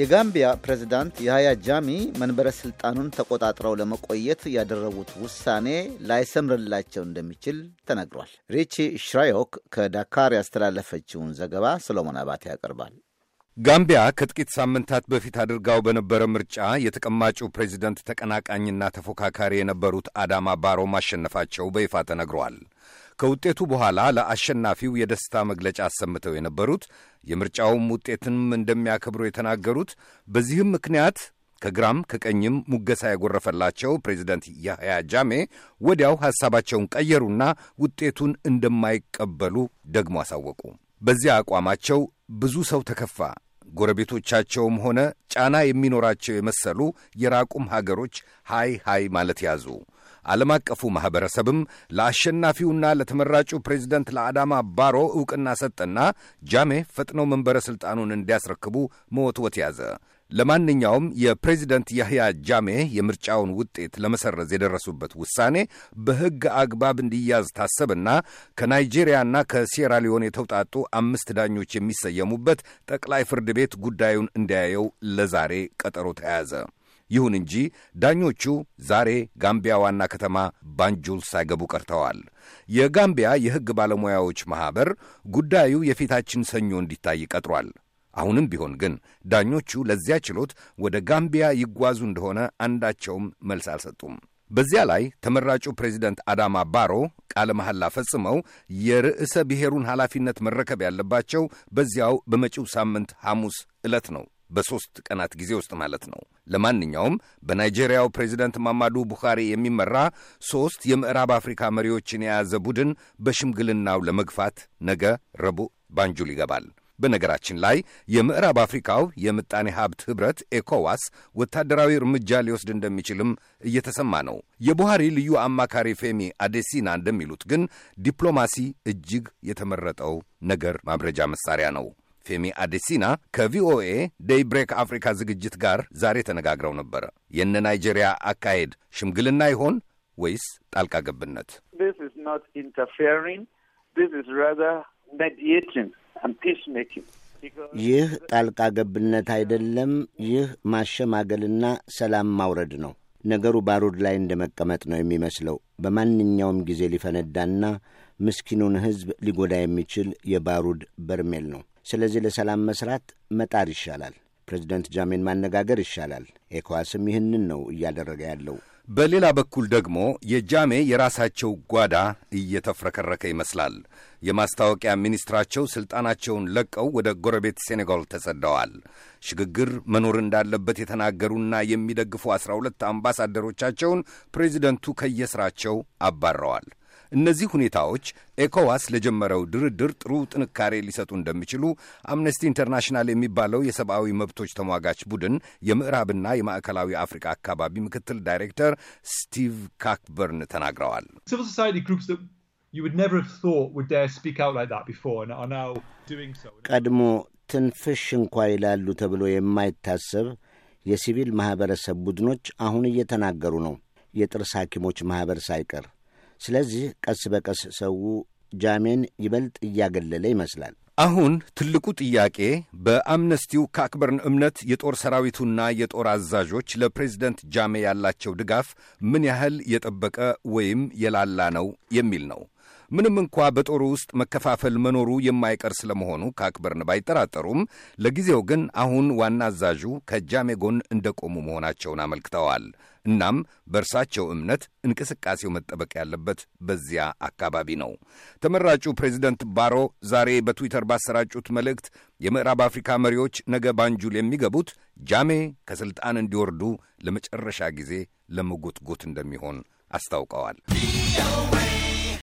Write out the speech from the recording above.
የጋምቢያ ፕሬዝዳንት የሀያ ጃሚ መንበረ ሥልጣኑን ተቆጣጥረው ለመቆየት ያደረጉት ውሳኔ ላይሰምርላቸው እንደሚችል ተነግሯል። ሪቺ ሽራዮክ ከዳካር ያስተላለፈችውን ዘገባ ሰሎሞን አባቴ ያቀርባል። ጋምቢያ ከጥቂት ሳምንታት በፊት አድርጋው በነበረ ምርጫ የተቀማጩ ፕሬዚደንት ተቀናቃኝና ተፎካካሪ የነበሩት አዳማ ባሮ ማሸነፋቸው በይፋ ተነግሯል። ከውጤቱ በኋላ ለአሸናፊው የደስታ መግለጫ አሰምተው የነበሩት የምርጫውም ውጤትንም እንደሚያከብሩ የተናገሩት በዚህም ምክንያት ከግራም ከቀኝም ሙገሳ የጎረፈላቸው ፕሬዚደንት ያህያ ጃሜ ወዲያው ሐሳባቸውን ቀየሩና ውጤቱን እንደማይቀበሉ ደግሞ አሳወቁ። በዚያ አቋማቸው ብዙ ሰው ተከፋ። ጎረቤቶቻቸውም ሆነ ጫና የሚኖራቸው የመሰሉ የራቁም ሀገሮች ሃይ ሃይ ማለት ያዙ። ዓለም አቀፉ ማኅበረሰብም ለአሸናፊውና ለተመራጩ ፕሬዚደንት ለአዳማ ባሮ ዕውቅና ሰጠና ጃሜ ፈጥነው መንበረ ሥልጣኑን እንዲያስረክቡ መወትወት ያዘ። ለማንኛውም የፕሬዚደንት ያህያ ጃሜ የምርጫውን ውጤት ለመሰረዝ የደረሱበት ውሳኔ በሕግ አግባብ እንዲያዝ ታሰብና ከናይጄሪያና ሊዮን የተውጣጡ አምስት ዳኞች የሚሰየሙበት ጠቅላይ ፍርድ ቤት ጉዳዩን እንዲያየው ለዛሬ ቀጠሮ ተያዘ። ይሁን እንጂ ዳኞቹ ዛሬ ጋምቢያ ዋና ከተማ ባንጁል ሳይገቡ ቀርተዋል። የጋምቢያ የሕግ ባለሙያዎች ማኅበር ጉዳዩ የፊታችን ሰኞ እንዲታይ ቀጥሯል። አሁንም ቢሆን ግን ዳኞቹ ለዚያ ችሎት ወደ ጋምቢያ ይጓዙ እንደሆነ አንዳቸውም መልስ አልሰጡም። በዚያ ላይ ተመራጩ ፕሬዚደንት አዳማ ባሮ ቃለ መሐላ ፈጽመው የርዕሰ ብሔሩን ኃላፊነት መረከብ ያለባቸው በዚያው በመጪው ሳምንት ሐሙስ ዕለት ነው። በሦስት ቀናት ጊዜ ውስጥ ማለት ነው። ለማንኛውም በናይጄሪያው ፕሬዚደንት ማማዱ ቡኻሪ የሚመራ ሦስት የምዕራብ አፍሪካ መሪዎችን የያዘ ቡድን በሽምግልናው ለመግፋት ነገ ረቡዕ ባንጁል ይገባል። በነገራችን ላይ የምዕራብ አፍሪካው የምጣኔ ሀብት ኅብረት ኤኮዋስ ወታደራዊ እርምጃ ሊወስድ እንደሚችልም እየተሰማ ነው። የቡሃሪ ልዩ አማካሪ ፌሚ አዴሲና እንደሚሉት ግን ዲፕሎማሲ እጅግ የተመረጠው ነገር ማብረጃ መሳሪያ ነው። ፌሚ አዴሲና ከቪኦኤ ደይብሬክ ብሬክ አፍሪካ ዝግጅት ጋር ዛሬ ተነጋግረው ነበረ። የነ ናይጄሪያ አካሄድ ሽምግልና ይሆን ወይስ ጣልቃ ገብነት? ይህ ጣልቃ ገብነት አይደለም። ይህ ማሸማገልና ሰላም ማውረድ ነው። ነገሩ ባሩድ ላይ እንደ መቀመጥ ነው የሚመስለው። በማንኛውም ጊዜ ሊፈነዳና ምስኪኑን ሕዝብ ሊጎዳ የሚችል የባሩድ በርሜል ነው። ስለዚህ ለሰላም መስራት መጣር ይሻላል፣ ፕሬዚደንት ጃሜን ማነጋገር ይሻላል። ኤኳስም ይህንን ነው እያደረገ ያለው። በሌላ በኩል ደግሞ የጃሜ የራሳቸው ጓዳ እየተፍረከረከ ይመስላል። የማስታወቂያ ሚኒስትራቸው ሥልጣናቸውን ለቀው ወደ ጎረቤት ሴኔጋል ተሰደዋል። ሽግግር መኖር እንዳለበት የተናገሩና የሚደግፉ አስራ ሁለት አምባሳደሮቻቸውን ፕሬዚደንቱ ከየሥራቸው አባረዋል። እነዚህ ሁኔታዎች ኤኮዋስ ለጀመረው ድርድር ጥሩ ጥንካሬ ሊሰጡ እንደሚችሉ አምነስቲ ኢንተርናሽናል የሚባለው የሰብአዊ መብቶች ተሟጋች ቡድን የምዕራብና የማዕከላዊ አፍሪካ አካባቢ ምክትል ዳይሬክተር ስቲቭ ካክበርን ተናግረዋል። ቀድሞ ትንፍሽ እንኳ ይላሉ ተብሎ የማይታሰብ የሲቪል ማኅበረሰብ ቡድኖች አሁን እየተናገሩ ነው። የጥርስ ሐኪሞች ማኅበር ሳይቀር ስለዚህ ቀስ በቀስ ሰው ጃሜን ይበልጥ እያገለለ ይመስላል። አሁን ትልቁ ጥያቄ በአምነስቲው ካክበርን እምነት የጦር ሰራዊቱና የጦር አዛዦች ለፕሬዚደንት ጃሜ ያላቸው ድጋፍ ምን ያህል የጠበቀ ወይም የላላ ነው የሚል ነው። ምንም እንኳ በጦሩ ውስጥ መከፋፈል መኖሩ የማይቀር ስለመሆኑ ከአክበርን ባይጠራጠሩም ለጊዜው ግን አሁን ዋና አዛዡ ከጃሜ ጎን እንደቆሙ መሆናቸውን አመልክተዋል። እናም በእርሳቸው እምነት እንቅስቃሴው መጠበቅ ያለበት በዚያ አካባቢ ነው። ተመራጩ ፕሬዚደንት ባሮ ዛሬ በትዊተር ባሰራጩት መልእክት የምዕራብ አፍሪካ መሪዎች ነገ ባንጁል የሚገቡት ጃሜ ከሥልጣን እንዲወርዱ ለመጨረሻ ጊዜ ለመጎትጎት እንደሚሆን አስታውቀዋል።